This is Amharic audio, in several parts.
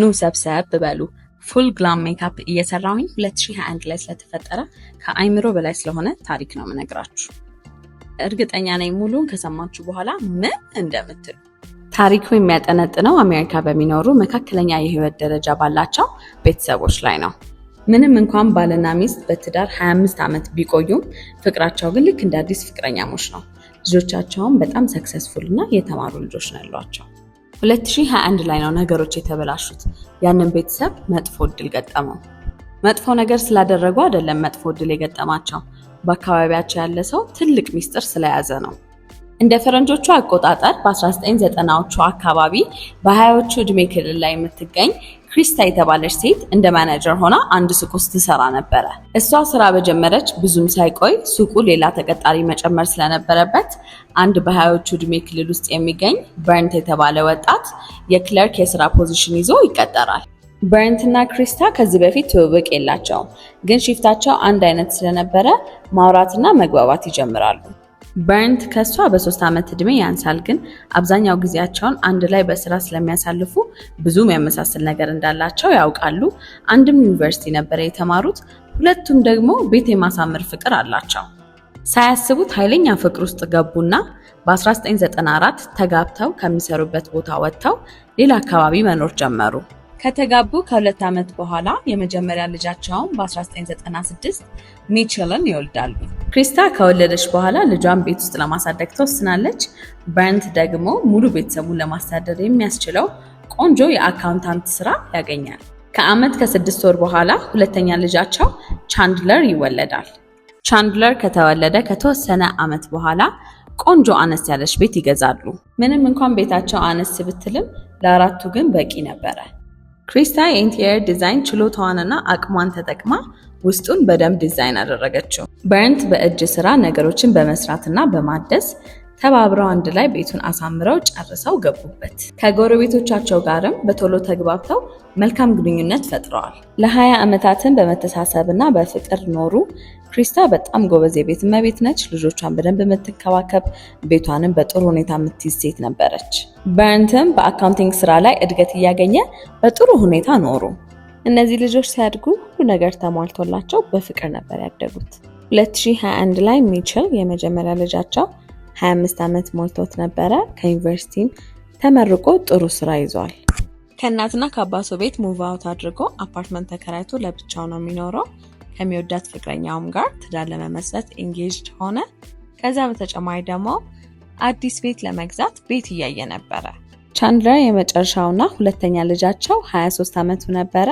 ኑ ሰብሰብ በሉ ፉል ግላም ሜካፕ እየሰራሁኝ 2021 ላይ ስለተፈጠረ ከአይምሮ በላይ ስለሆነ ታሪክ ነው ምነግራችሁ እርግጠኛ ነኝ ሙሉን ከሰማችሁ በኋላ ምን እንደምትሉ። ታሪኩ የሚያጠነጥነው አሜሪካ በሚኖሩ መካከለኛ የህይወት ደረጃ ባላቸው ቤተሰቦች ላይ ነው። ምንም እንኳን ባልና ሚስት በትዳር 25 ዓመት ቢቆዩም ፍቅራቸው ግን ልክ እንደ አዲስ ፍቅረኛሞች ነው። ልጆቻቸውም በጣም ሰክሰስፉል እና የተማሩ ልጆች ነው ያሏቸው። 2021 ላይ ነው ነገሮች የተበላሹት። ያንን ቤተሰብ መጥፎ እድል ገጠመው። መጥፎ ነገር ስላደረጉ አይደለም መጥፎ እድል የገጠማቸው፣ በአካባቢያቸው ያለ ሰው ትልቅ ሚስጥር ስለያዘ ነው። እንደ ፈረንጆቹ አቆጣጠር በ1990ዎቹ አካባቢ በሀያዎቹ እድሜ ክልል ላይ የምትገኝ ክሪስታ የተባለች ሴት እንደ ማናጀር ሆና አንድ ሱቅ ውስጥ ትሰራ ነበረ። እሷ ስራ በጀመረች ብዙም ሳይቆይ ሱቁ ሌላ ተቀጣሪ መጨመር ስለነበረበት አንድ በሀያዎቹ እድሜ ክልል ውስጥ የሚገኝ በርንት የተባለ ወጣት የክለርክ የስራ ፖዚሽን ይዞ ይቀጠራል። በርንትና ክሪስታ ከዚህ በፊት ትውውቅ የላቸውም፣ ግን ሽፍታቸው አንድ አይነት ስለነበረ ማውራትና መግባባት ይጀምራሉ። በርንት ከሷ በሶስት ዓመት ዕድሜ ያንሳል፣ ግን አብዛኛው ጊዜያቸውን አንድ ላይ በስራ ስለሚያሳልፉ ብዙም ያመሳስል ነገር እንዳላቸው ያውቃሉ። አንድም ዩኒቨርሲቲ ነበረ የተማሩት። ሁለቱም ደግሞ ቤት የማሳመር ፍቅር አላቸው። ሳያስቡት ኃይለኛ ፍቅር ውስጥ ገቡና በ1994 ተጋብተው ከሚሰሩበት ቦታ ወጥተው ሌላ አካባቢ መኖር ጀመሩ። ከተጋቡ ከሁለት ዓመት በኋላ የመጀመሪያ ልጃቸውን በ1996 ሚችልን ይወልዳሉ። ክሪስታ ከወለደች በኋላ ልጇን ቤት ውስጥ ለማሳደግ ተወስናለች። በርንት ደግሞ ሙሉ ቤተሰቡን ለማስተዳደር የሚያስችለው ቆንጆ የአካውንታንት ስራ ያገኛል። ከዓመት ከስድስት ወር በኋላ ሁለተኛ ልጃቸው ቻንድለር ይወለዳል። ቻንድለር ከተወለደ ከተወሰነ ዓመት በኋላ ቆንጆ አነስ ያለች ቤት ይገዛሉ። ምንም እንኳን ቤታቸው አነስ ብትልም ለአራቱ ግን በቂ ነበረ። ክሪስታ የኢንቴሪየር ዲዛይን ችሎታዋንና አቅሟን ተጠቅማ ውስጡን በደንብ ዲዛይን አደረገችው። በርንት በእጅ ስራ ነገሮችን በመስራትና በማደስ ተባብረው አንድ ላይ ቤቱን አሳምረው ጨርሰው ገቡበት። ከጎረቤቶቻቸው ጋርም በቶሎ ተግባብተው መልካም ግንኙነት ፈጥረዋል። ለሀያ ዓመታትን በመተሳሰብና በፍቅር ኖሩ። ክሪስታ በጣም ጎበዝ የቤት እመቤት ነች። ልጆቿን በደንብ የምትከባከብ ቤቷንም በጥሩ ሁኔታ የምትይዝ ሴት ነበረች። በርንትም በአካውንቲንግ ስራ ላይ እድገት እያገኘ በጥሩ ሁኔታ ኖሩ። እነዚህ ልጆች ሲያድጉ ሁሉ ነገር ተሟልቶላቸው በፍቅር ነበር ያደጉት። 2021 ላይ ሚችል የመጀመሪያ ልጃቸው 25 ዓመት ሞልቶት ነበረ። ከዩኒቨርሲቲም ተመርቆ ጥሩ ስራ ይዟል። ከእናትና ከአባቱ ቤት ሙቭ አውት አድርጎ አፓርትመንት ተከራይቶ ለብቻው ነው የሚኖረው። ከሚወዳት ፍቅረኛውም ጋር ትዳር ለመመስረት ኤንጌጅድ ሆነ። ከዛ በተጨማሪ ደግሞ አዲስ ቤት ለመግዛት ቤት እያየ ነበረ። ቻንድለር የመጨረሻውና ሁለተኛ ልጃቸው 23 ዓመቱ ነበረ።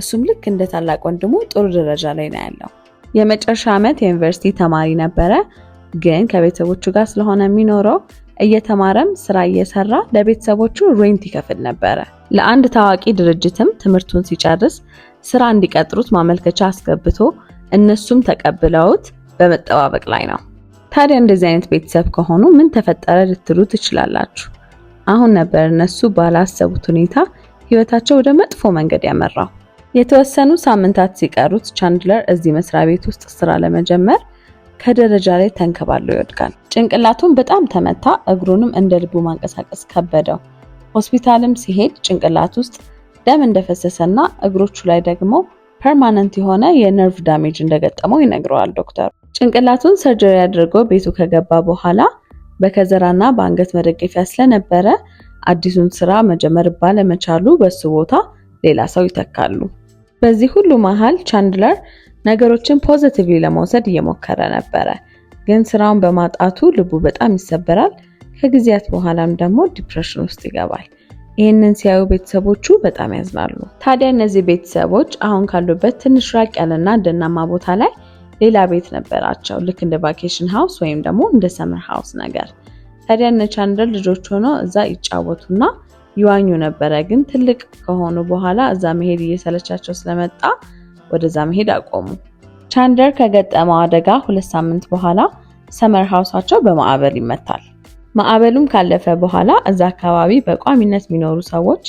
እሱም ልክ እንደ ታላቅ ወንድሙ ጥሩ ደረጃ ላይ ነው ያለው። የመጨረሻ ዓመት የዩኒቨርሲቲ ተማሪ ነበረ፣ ግን ከቤተሰቦቹ ጋር ስለሆነ የሚኖረው እየተማረም ስራ እየሰራ ለቤተሰቦቹ ሬንት ይከፍል ነበረ። ለአንድ ታዋቂ ድርጅትም ትምህርቱን ሲጨርስ ስራ እንዲቀጥሩት ማመልከቻ አስገብቶ እነሱም ተቀብለውት በመጠባበቅ ላይ ነው። ታዲያ እንደዚህ አይነት ቤተሰብ ከሆኑ ምን ተፈጠረ ልትሉ ትችላላችሁ። አሁን ነበር እነሱ ባላሰቡት ሁኔታ ህይወታቸው ወደ መጥፎ መንገድ ያመራው። የተወሰኑ ሳምንታት ሲቀሩት ቻንድለር እዚህ መስሪያ ቤት ውስጥ ስራ ለመጀመር ከደረጃ ላይ ተንከባሎ ይወድቃል። ጭንቅላቱን በጣም ተመታ፣ እግሩንም እንደ ልቡ ማንቀሳቀስ ከበደው። ሆስፒታልም ሲሄድ ጭንቅላት ውስጥ ደም እንደፈሰሰና እግሮቹ ላይ ደግሞ ፐርማነንት የሆነ የነርቭ ዳሜጅ እንደገጠመው ይነግረዋል ዶክተሩ። ጭንቅላቱን ሰርጀሪ አድርጎ ቤቱ ከገባ በኋላ በከዘራና በአንገት መደገፊያ ስለነበረ አዲሱን ስራ መጀመር ባለመቻሉ በሱ ቦታ ሌላ ሰው ይተካሉ። በዚህ ሁሉ መሃል ቻንድለር ነገሮችን ፖዘቲቭሊ ለመውሰድ እየሞከረ ነበረ፣ ግን ስራውን በማጣቱ ልቡ በጣም ይሰበራል። ከጊዜያት በኋላም ደግሞ ዲፕሬሽን ውስጥ ይገባል። ይህንን ሲያዩ ቤተሰቦቹ በጣም ያዝናሉ። ታዲያ እነዚህ ቤተሰቦች አሁን ካሉበት ትንሽ ራቅ ያለና ደናማ ቦታ ላይ ሌላ ቤት ነበራቸው፣ ልክ እንደ ቫኬሽን ሀውስ ወይም ደግሞ እንደ ሰመር ሀውስ ነገር። ታዲያ እነ ቻንደር ልጆች ሆነው እዛ ይጫወቱና ይዋኙ ነበረ። ግን ትልቅ ከሆኑ በኋላ እዛ መሄድ እየሰለቻቸው ስለመጣ ወደዛ መሄድ አቆሙ። ቻንደር ከገጠመው አደጋ ሁለት ሳምንት በኋላ ሰመር ሀውሳቸው በማዕበል ይመታል። ማዕበሉም ካለፈ በኋላ እዛ አካባቢ በቋሚነት የሚኖሩ ሰዎች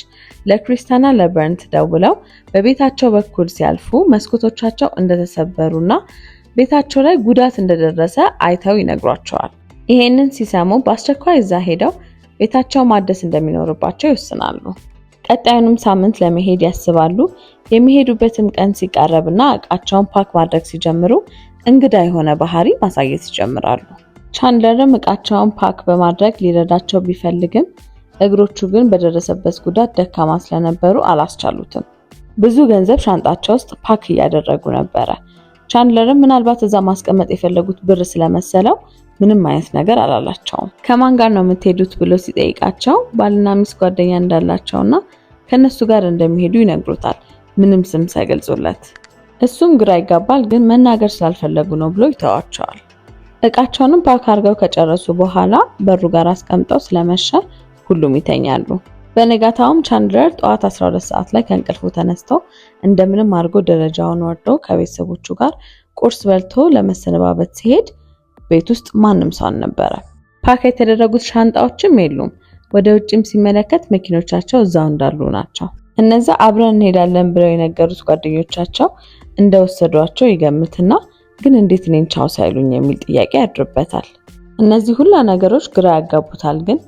ለክሪስታና ለበርንት ደውለው በቤታቸው በኩል ሲያልፉ መስኮቶቻቸው እንደተሰበሩና ቤታቸው ላይ ጉዳት እንደደረሰ አይተው ይነግሯቸዋል። ይሄንን ሲሰሙ በአስቸኳይ እዛ ሄደው ቤታቸው ማደስ እንደሚኖርባቸው ይወስናሉ። ቀጣዩንም ሳምንት ለመሄድ ያስባሉ። የሚሄዱበትም ቀን ሲቃረብና እቃቸውን ፓክ ማድረግ ሲጀምሩ እንግዳ የሆነ ባህሪ ማሳየት ይጀምራሉ። ቻንድለርም እቃቸውን ፓክ በማድረግ ሊረዳቸው ቢፈልግም እግሮቹ ግን በደረሰበት ጉዳት ደካማ ስለነበሩ አላስቻሉትም። ብዙ ገንዘብ ሻንጣቸው ውስጥ ፓክ እያደረጉ ነበረ። ቻንድለርም ምናልባት እዛ ማስቀመጥ የፈለጉት ብር ስለመሰለው ምንም አይነት ነገር አላላቸውም። ከማን ጋር ነው የምትሄዱት ብሎ ሲጠይቃቸው ባልና ሚስት ጓደኛ እንዳላቸውና ከእነሱ ጋር እንደሚሄዱ ይነግሩታል። ምንም ስም ሳይገልጹለት እሱም ግራ ይጋባል፣ ግን መናገር ስላልፈለጉ ነው ብሎ ይተዋቸዋል። እቃቸውንም ፓክ አድርገው ከጨረሱ በኋላ በሩ ጋር አስቀምጠው ስለመሸ ሁሉም ይተኛሉ። በነጋታውም ቻንድለር ጠዋት 12 ሰዓት ላይ ከእንቅልፉ ተነስቶ እንደምንም አድርጎ ደረጃውን ወርዶ ከቤተሰቦቹ ጋር ቁርስ በልቶ ለመሰነባበት ሲሄድ ቤት ውስጥ ማንም ሰው አልነበረ። ፓክ የተደረጉት ሻንጣዎችም የሉም። ወደ ውጭም ሲመለከት መኪኖቻቸው እዛው እንዳሉ ናቸው። እነዛ አብረን እንሄዳለን ብለው የነገሩት ጓደኞቻቸው እንደወሰዷቸው ይገምትና ግን እንዴት እኔን ቻው ሳይሉኝ የሚል ጥያቄ ያድርበታል። እነዚህ ሁላ ነገሮች ግራ ያጋቡታል፣ ግን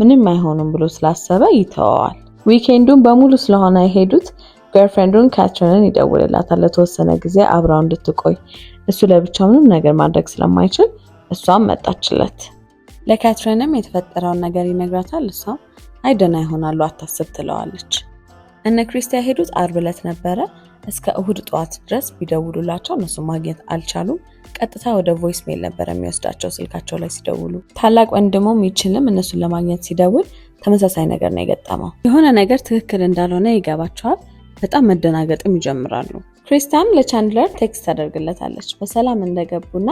ምንም አይሆኑም ብሎ ስላሰበ ይተወዋል። ዊኬንዱን በሙሉ ስለሆነ የሄዱት ገርፍሬንዱን ካትሪንን ይደውልላታል ለተወሰነ ጊዜ አብራው እንድትቆይ እሱ ለብቻው ምንም ነገር ማድረግ ስለማይችል እሷም መጣችለት። ለካትሪንም የተፈጠረውን ነገር ይነግራታል። እሷም አይደና ይሆናሉ አታስብ ትለዋለች። እነ ክሪስቲያ ሄዱት አርብ ዕለት ነበረ። እስከ እሁድ ጠዋት ድረስ ቢደውሉላቸው እነሱ ማግኘት አልቻሉም። ቀጥታ ወደ ቮይስ ሜል ነበር የሚወስዳቸው ስልካቸው ላይ ሲደውሉ። ታላቅ ወንድሞም ይችልም እነሱን ለማግኘት ሲደውል ተመሳሳይ ነገር ነው የገጠመው። የሆነ ነገር ትክክል እንዳልሆነ ይገባቸዋል። በጣም መደናገጥም ይጀምራሉ። ክሪስታን ለቻንድለር ቴክስት ታደርግለታለች በሰላም እንደገቡና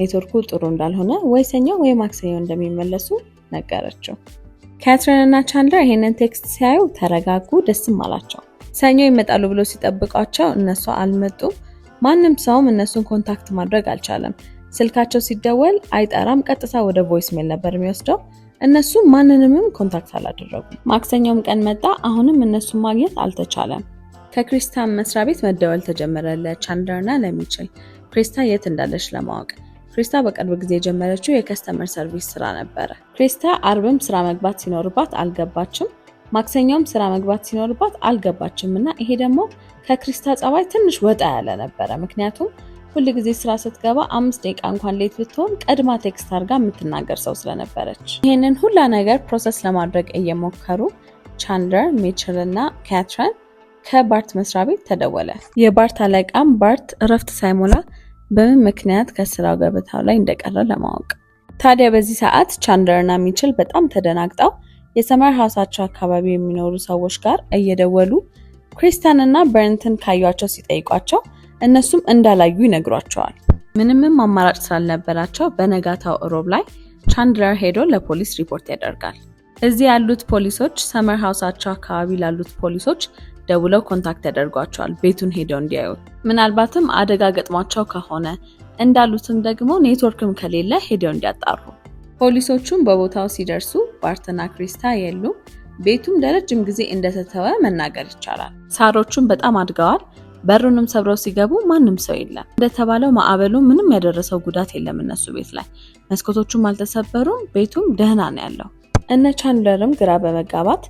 ኔትወርኩ ጥሩ እንዳልሆነ ወይ ሰኞ ወይ ማክሰኞ እንደሚመለሱ ነገረችው። ካትሪን እና ቻንድለር ይሄንን ቴክስት ሲያዩ ተረጋጉ፣ ደስም አላቸው። ሰኞ ይመጣሉ ብሎ ሲጠብቋቸው እነሱ አልመጡም። ማንም ሰውም እነሱን ኮንታክት ማድረግ አልቻለም። ስልካቸው ሲደወል አይጠራም፣ ቀጥታ ወደ ቮይስ ሜል ነበር የሚወስደው። እነሱ ማንንምም ኮንታክት አላደረጉም። ማክሰኛውም ቀን መጣ፣ አሁንም እነሱን ማግኘት አልተቻለም። ከክሪስታን መስሪያ ቤት መደወል ተጀመረ፣ ለቻንደርና ለሚችል ክሪስታ የት እንዳለች ለማወቅ። ክሪስታ በቅርብ ጊዜ የጀመረችው የከስተመር ሰርቪስ ስራ ነበረ። ክሪስታ አርብም ስራ መግባት ሲኖርባት አልገባችም። ማክሰኛውም ስራ መግባት ሲኖርባት አልገባችም እና ይሄ ደግሞ ከክሪስታ ጸባይ ትንሽ ወጣ ያለ ነበረ። ምክንያቱም ሁል ጊዜ ስራ ስትገባ አምስት ደቂቃ እንኳን ሌት ብትሆን ቀድማ ቴክስት አድርጋ የምትናገር ሰው ስለነበረች ይህንን ሁላ ነገር ፕሮሰስ ለማድረግ እየሞከሩ ቻንደር፣ ሜችል እና ካትሪን ከባርት መስሪያ ቤት ተደወለ። የባርት አለቃም ባርት እረፍት ሳይሞላ በምን ምክንያት ከስራው ገበታው ላይ እንደቀረ ለማወቅ ታዲያ በዚህ ሰዓት ቻንደር እና ሚችል በጣም ተደናግጠው የሰመር ሀውሳቸው አካባቢ የሚኖሩ ሰዎች ጋር እየደወሉ ክሪስተን እና በርንትን ካዩቸው ሲጠይቋቸው እነሱም እንዳላዩ ይነግሯቸዋል። ምንምም አማራጭ ስላልነበራቸው በነጋታው እሮብ ላይ ቻንድለር ሄዶ ለፖሊስ ሪፖርት ያደርጋል። እዚህ ያሉት ፖሊሶች ሰመር ሀውሳቸው አካባቢ ላሉት ፖሊሶች ደውለው ኮንታክት ያደርጓቸዋል ቤቱን ሄደው እንዲያዩ። ምናልባትም አደጋ ገጥሟቸው ከሆነ እንዳሉትም ደግሞ ኔትወርክም ከሌለ ሄደው እንዲያጣሩ ፖሊሶቹም በቦታው ሲደርሱ ባርትና ክሪስታ የሉም። ቤቱም ለረጅም ጊዜ እንደተተወ መናገር ይቻላል። ሳሮቹም በጣም አድገዋል። በሩንም ሰብረው ሲገቡ ማንም ሰው የለም። እንደተባለው ማዕበሉ ምንም ያደረሰው ጉዳት የለም እነሱ ቤት ላይ። መስኮቶቹም አልተሰበሩም። ቤቱም ደህና ነው ያለው። እነ ቻንለርም ግራ በመጋባት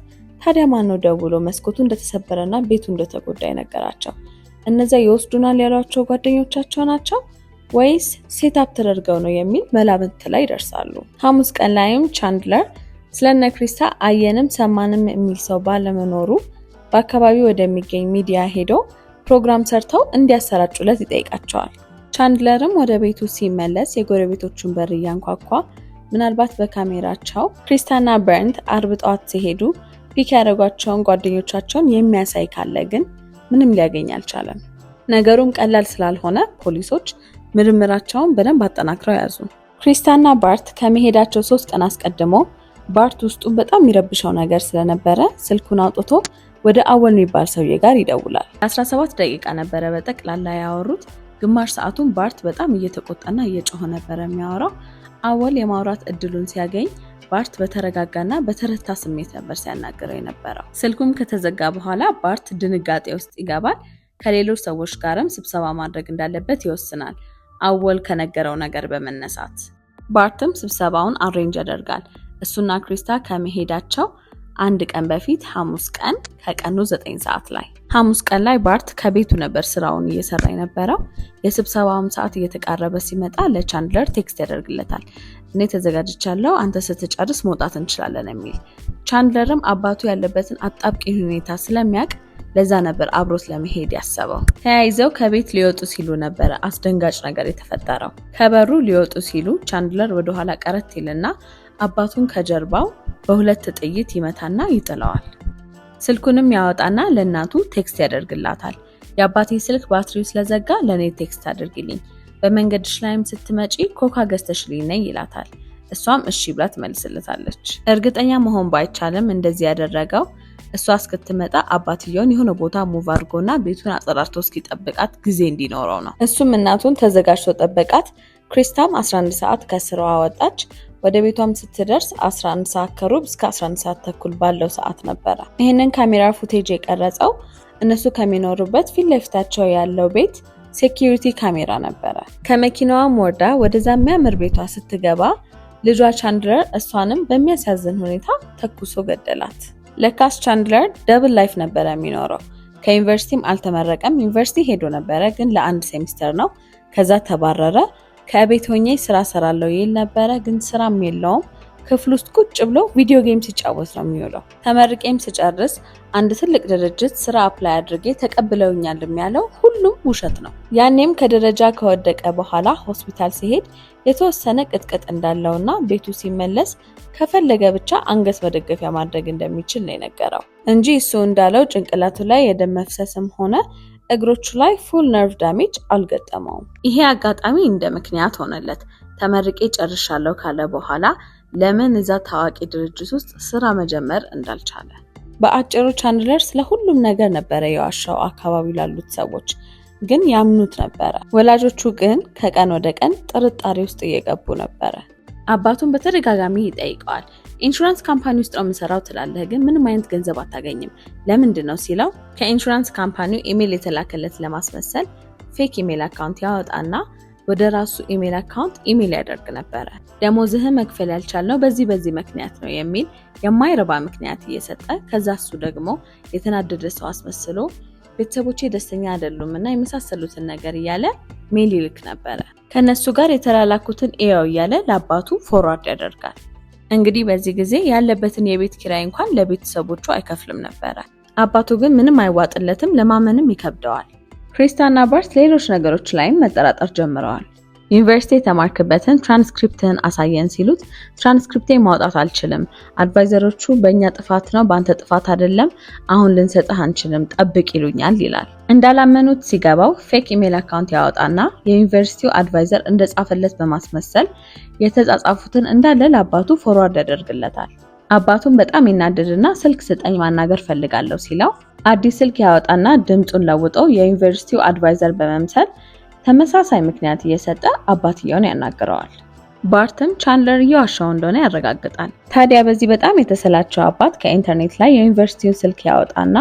ታዲያ ማን ነው ደውሎ መስኮቱ እንደተሰበረና ቤቱ እንደተጎዳ ይነገራቸው። እነዚያ ይወስዱናል ያሏቸው ጓደኞቻቸው ናቸው? ወይስ ሴት ተደርገው ነው የሚል መላምት ላይ ይደርሳሉ። ሐሙስ ቀን ላይም ቻንድለር ስለነ ክሪስታ አየንም ሰማንም የሚል ሰው ባለመኖሩ በአካባቢው ወደሚገኝ ሚዲያ ሄዶ ፕሮግራም ሰርተው እንዲያሰራጩለት ይጠይቃቸዋል። ቻንድለርም ወደ ቤቱ ሲመለስ የጎረቤቶቹን በር እያንኳኳ ምናልባት በካሜራቸው ክሪስታና በርንት አርብ ጠዋት ሲሄዱ ፒክ ያደረጓቸውን ጓደኞቻቸውን የሚያሳይ ካለ ግን ምንም ሊያገኝ አልቻለም። ነገሩም ቀላል ስላልሆነ ፖሊሶች ምርምራቸውን በደንብ አጠናክረው ያዙ። ክሪስታና ባርት ከመሄዳቸው ሶስት ቀን አስቀድሞ ባርት ውስጡ በጣም የሚረብሸው ነገር ስለነበረ ስልኩን አውጥቶ ወደ አወል የሚባል ሰውዬ ጋር ይደውላል። 17 ደቂቃ ነበረ በጠቅላላ ያወሩት። ግማሽ ሰዓቱን ባርት በጣም እየተቆጣና እየጮኸ ነበረ የሚያወራው። አወል የማውራት እድሉን ሲያገኝ ባርት በተረጋጋና በተረታ ስሜት ነበር ሲያናግረው የነበረው። ስልኩም ከተዘጋ በኋላ ባርት ድንጋጤ ውስጥ ይገባል። ከሌሎች ሰዎች ጋርም ስብሰባ ማድረግ እንዳለበት ይወስናል። አወል ከነገረው ነገር በመነሳት ባርትም ስብሰባውን አሬንጅ ያደርጋል። እሱና ክሪስታ ከመሄዳቸው አንድ ቀን በፊት ሐሙስ ቀን ከቀኑ ዘጠኝ ሰዓት ላይ ሐሙስ ቀን ላይ ባርት ከቤቱ ነበር ስራውን እየሰራ የነበረው። የስብሰባውም ሰዓት እየተቃረበ ሲመጣ ለቻንድለር ቴክስት ያደርግለታል። እኔ ተዘጋጅቻለሁ፣ አንተ ስትጨርስ መውጣት እንችላለን የሚል ቻንድለርም አባቱ ያለበትን አጣብቂኝ ሁኔታ ስለሚያውቅ ለዛ ነበር አብሮት ለመሄድ ያሰበው። ተያይዘው ከቤት ሊወጡ ሲሉ ነበረ አስደንጋጭ ነገር የተፈጠረው። ከበሩ ሊወጡ ሲሉ ቻንድለር ወደኋላ ቀረት ይልና አባቱን ከጀርባው በሁለት ጥይት ይመታና ይጥለዋል። ስልኩንም ያወጣና ለእናቱ ቴክስት ያደርግላታል። የአባቴ ስልክ ባትሪው ስለዘጋ ለእኔ ቴክስት አድርግልኝ፣ በመንገድሽ ላይም ስትመጪ ኮካ ገዝተሽልኝ ነይ ይላታል። እሷም እሺ ብላ ትመልስለታለች። እርግጠኛ መሆን ባይቻልም እንደዚህ ያደረገው እሷ እስክትመጣ አባትየውን የሆነ ቦታ ሙቭ አድርጎና ቤቱን አጸዳርቶ እስኪጠብቃት ጊዜ እንዲኖረው ነው። እሱም እናቱን ተዘጋጅቶ ጠበቃት። ክሪስታም 11 ሰዓት ከስራዋ ወጣች። ወደ ቤቷም ስትደርስ 11 ሰዓት ከሩብ እስከ 11 ሰዓት ተኩል ባለው ሰዓት ነበረ። ይህንን ካሜራ ፉቴጅ የቀረጸው እነሱ ከሚኖሩበት ፊት ለፊታቸው ያለው ቤት ሴኪሪቲ ካሜራ ነበረ። ከመኪናዋም ወርዳ ወደዛ የሚያምር ቤቷ ስትገባ ልጇ ቻንድለር እሷንም በሚያሳዝን ሁኔታ ተኩሶ ገደላት። ለካስ ቻንድለር ደብል ላይፍ ነበረ የሚኖረው። ከዩኒቨርሲቲም አልተመረቀም። ዩኒቨርሲቲ ሄዶ ነበረ ግን ለአንድ ሴሚስተር ነው። ከዛ ተባረረ። ከቤት ሆኜ ስራ ሰራለው ይል ነበረ ግን ስራም የለውም። ክፍል ውስጥ ቁጭ ብሎ ቪዲዮ ጌም ሲጫወት ነው የሚውለው። ተመርቄም ስጨርስ አንድ ትልቅ ድርጅት ስራ አፕላይ አድርጌ ተቀብለውኛልም ያለው ሁሉም ውሸት ነው። ያኔም ከደረጃ ከወደቀ በኋላ ሆስፒታል ሲሄድ የተወሰነ ቅጥቅጥ እንዳለውና ቤቱ ሲመለስ ከፈለገ ብቻ አንገት መደገፊያ ማድረግ እንደሚችል ነው የነገረው እንጂ እሱ እንዳለው ጭንቅላቱ ላይ የደም መፍሰስም ሆነ እግሮቹ ላይ ፉል ነርቭ ዳሜጅ አልገጠመውም። ይሄ አጋጣሚ እንደ ምክንያት ሆነለት። ተመርቄ ጨርሻለሁ ካለ በኋላ ለምን እዛ ታዋቂ ድርጅት ውስጥ ስራ መጀመር እንዳልቻለ። በአጭሩ ቻንድለር ስለ ሁሉም ነገር ነበረ የዋሻው አካባቢ ላሉት ሰዎች ግን ያምኑት ነበረ። ወላጆቹ ግን ከቀን ወደ ቀን ጥርጣሬ ውስጥ እየገቡ ነበረ። አባቱን በተደጋጋሚ ይጠይቀዋል። ኢንሹራንስ ካምፓኒ ውስጥ ነው የምሰራው ትላለህ፣ ግን ምንም አይነት ገንዘብ አታገኝም። ለምንድን ነው ሲለው ከኢንሹራንስ ካምፓኒው ኢሜይል የተላከለት ለማስመሰል ፌክ ኢሜል አካውንት ያወጣና ወደ ራሱ ኢሜል አካውንት ኢሜል ያደርግ ነበረ። ዝህ መክፈል ያልቻልነው በዚህ በዚህ ምክንያት ነው የሚል የማይረባ ምክንያት እየሰጠ ከዛ እሱ ደግሞ የተናደደ ሰው አስመስሎ ቤተሰቦቼ ደስተኛ አይደሉም እና የመሳሰሉትን ነገር እያለ ሜል ይልክ ነበረ። ከእነሱ ጋር የተላላኩትን ኤያው እያለ ለአባቱ ፎርዋርድ ያደርጋል። እንግዲህ በዚህ ጊዜ ያለበትን የቤት ኪራይ እንኳን ለቤተሰቦቹ አይከፍልም ነበረ። አባቱ ግን ምንም አይዋጥለትም፣ ለማመንም ይከብደዋል። ክሪስታና ባርት ሌሎች ነገሮች ላይም መጠራጠር ጀምረዋል። ዩኒቨርሲቲ የተማርክበትን ትራንስክሪፕትን አሳየን ሲሉት ትራንስክሪፕቴ ማውጣት አልችልም፣ አድቫይዘሮቹ በእኛ ጥፋት ነው በአንተ ጥፋት አይደለም፣ አሁን ልንሰጥህ አንችልም፣ ጠብቅ ይሉኛል ይላል። እንዳላመኑት ሲገባው ፌክ ኢሜል አካውንት ያወጣና የዩኒቨርሲቲው አድቫይዘር እንደጻፈለት በማስመሰል የተጻጻፉትን እንዳለ ለአባቱ ፎርዋርድ ያደርግለታል። አባቱን በጣም ይናደድና ስልክ ስጠኝ ማናገር ፈልጋለሁ ሲለው አዲስ ስልክ ያወጣና ድምፁን ለውጦ የዩኒቨርሲቲው አድቫይዘር በመምሰል ተመሳሳይ ምክንያት እየሰጠ አባትየውን ያናግረዋል። ባርትም ቻንለር እየዋሻው እንደሆነ ያረጋግጣል። ታዲያ በዚህ በጣም የተሰላቸው አባት ከኢንተርኔት ላይ የዩኒቨርሲቲውን ስልክ ያወጣና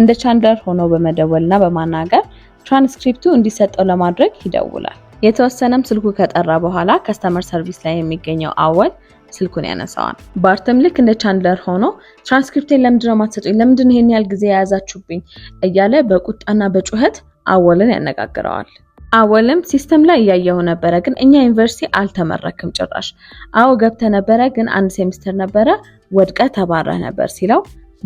እንደ ቻንለር ሆኖ በመደወልና በማናገር ትራንስክሪፕቱ እንዲሰጠው ለማድረግ ይደውላል። የተወሰነም ስልኩ ከጠራ በኋላ ከስተመር ሰርቪስ ላይ የሚገኘው አወል ስልኩን ያነሳዋል። ባርተም ልክ እንደ ቻንድለር ሆኖ ትራንስክሪፕቴን ለምንድነው ማትሰጡኝ? ለምንድን ይሄን ያህል ጊዜ የያዛችሁብኝ? እያለ በቁጣና በጩኸት አወልን ያነጋግረዋል። አወልም ሲስተም ላይ እያየሁ ነበረ፣ ግን እኛ ዩኒቨርሲቲ አልተመረክም ጭራሽ። አዎ ገብተ ነበረ፣ ግን አንድ ሴሚስተር ነበረ ወድቀ ተባረህ ነበር ሲለው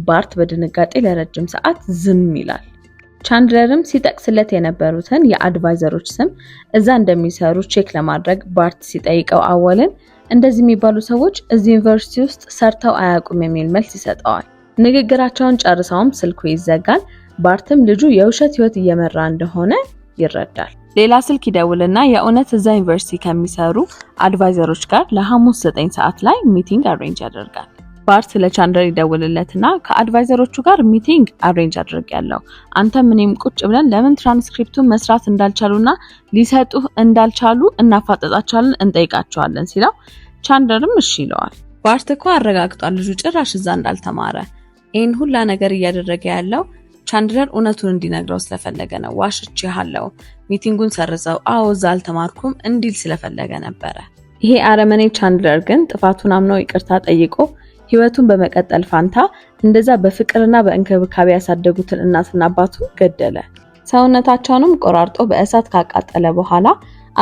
ባርት በድንጋጤ ለረጅም ሰዓት ዝም ይላል። ቻንድለርም ሲጠቅስለት የነበሩትን የአድቫይዘሮች ስም እዛ እንደሚሰሩ ቼክ ለማድረግ ባርት ሲጠይቀው አወልን እንደዚህ የሚባሉ ሰዎች እዚህ ዩኒቨርሲቲ ውስጥ ሰርተው አያውቁም የሚል መልስ ይሰጠዋል። ንግግራቸውን ጨርሰውም ስልኩ ይዘጋል። ባርትም ልጁ የውሸት ህይወት እየመራ እንደሆነ ይረዳል። ሌላ ስልክ ይደውልና የእውነት እዛ ዩኒቨርሲቲ ከሚሰሩ አድቫይዘሮች ጋር ለሐሙስ 9 ሰዓት ላይ ሚቲንግ አሬንጅ ያደርጋል። ባር ስለ ቻንደር ይደውልለትና ከአድቫይዘሮቹ ጋር ሚቲንግ አሬንጅ አድርጌያለሁ። አንተም እኔም ቁጭ ብለን ለምን ትራንስክሪፕቱን መስራት እንዳልቻሉና ሊሰጡህ እንዳልቻሉ እናፋጠጣቸዋለን፣ እንጠይቃቸዋለን ሲለው ቻንደርም እሺ ይለዋል። ባርት እኮ አረጋግጧል ልጁ ጭራሽ እዛ እንዳልተማረ። ይህን ሁላ ነገር እያደረገ ያለው ቻንድለር እውነቱን እንዲነግረው ስለፈለገ ነው። ዋሽቼሃለሁ፣ ሚቲንጉን ሰርዘው አዎ እዛ አልተማርኩም እንዲል ስለፈለገ ነበረ። ይሄ አረመኔ ቻንድለር ግን ጥፋቱን አምነው ይቅርታ ጠይቆ ህይወቱን በመቀጠል ፋንታ እንደዛ በፍቅርና በእንክብካቤ ያሳደጉትን እናትና አባቱ ገደለ። ሰውነታቸውንም ቆራርጦ በእሳት ካቃጠለ በኋላ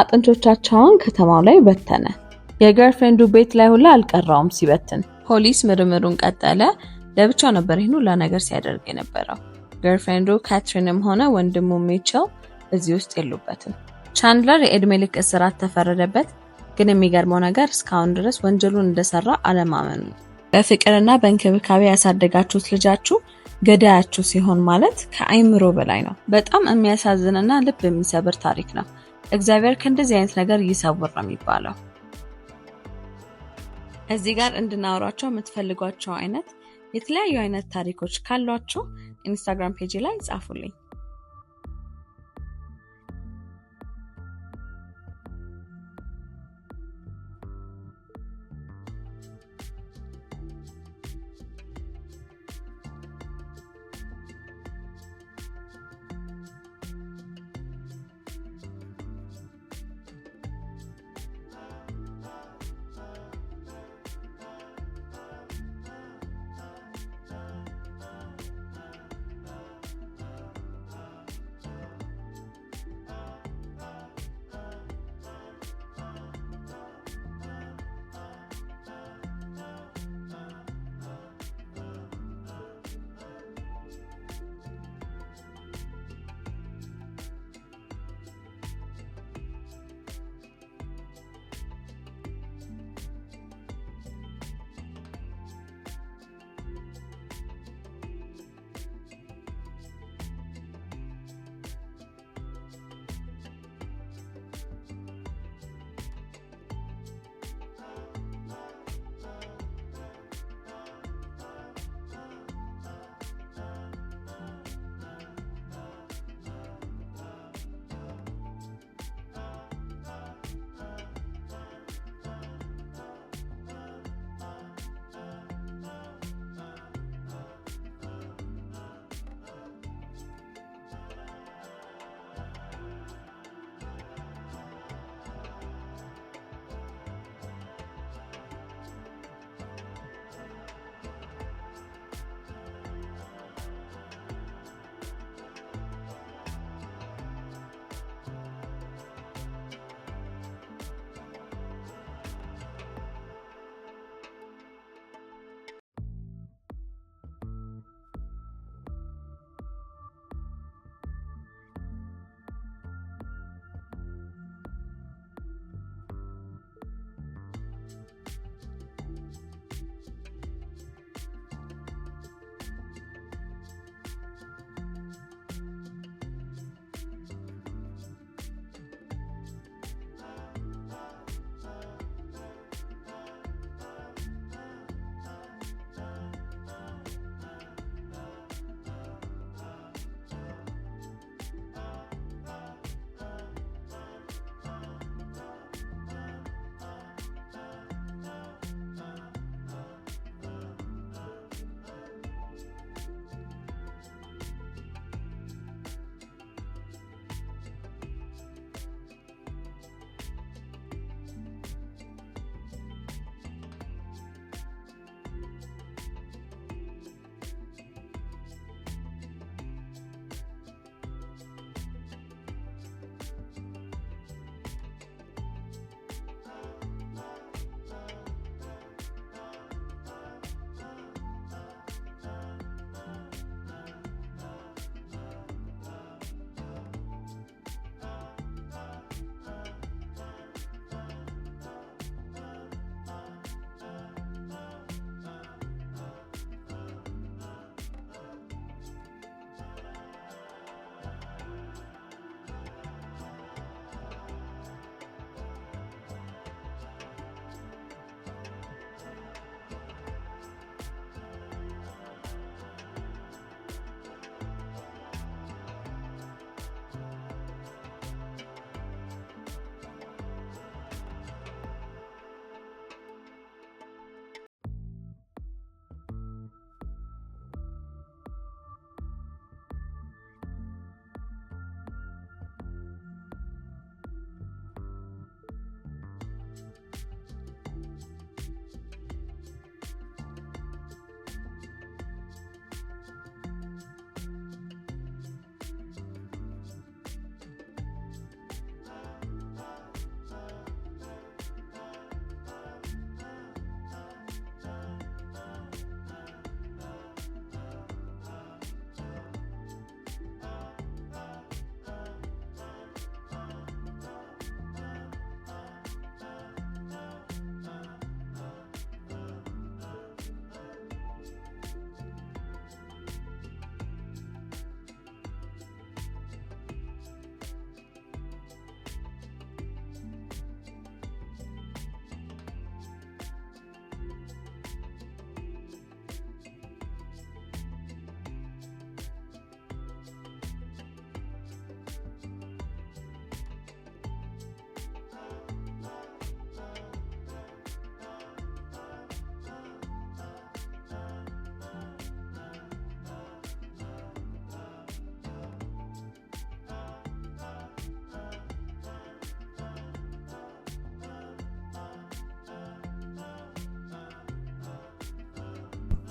አጥንቶቻቸውን ከተማው ላይ በተነ። የገርፍሬንዱ ቤት ላይ ሁላ አልቀራውም ሲበትን። ፖሊስ ምርምሩን ቀጠለ። ለብቻው ነበር ይህን ሁላ ነገር ሲያደርግ የነበረው። ገርፍሬንዱ ካትሪንም ሆነ ወንድሙ ሚችል እዚህ ውስጥ የሉበትም። ቻንድለር የእድሜ ልክ እስራት ተፈረደበት። ግን የሚገርመው ነገር እስካሁን ድረስ ወንጀሉን እንደሰራ አለማመኑ ነው። በፍቅርና በእንክብካቤ ያሳደጋችሁት ልጃችሁ ገዳያችሁ ሲሆን ማለት ከአይምሮ በላይ ነው። በጣም የሚያሳዝንና ልብ የሚሰብር ታሪክ ነው። እግዚአብሔር ከእንደዚህ አይነት ነገር ይሰውር ነው የሚባለው። እዚህ ጋር እንድናወራቸው የምትፈልጓቸው አይነት የተለያዩ አይነት ታሪኮች ካሏችሁ ኢንስታግራም ፔጅ ላይ ጻፉልኝ።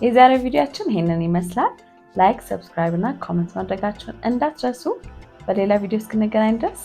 የዛሬ ቪዲዮአችን ይሄንን ይመስላል። ላይክ፣ ሰብስክራይብ እና ኮሜንት ማድረጋችሁን እንዳትረሱ። በሌላ ቪዲዮ እስክንገናኝ ድረስ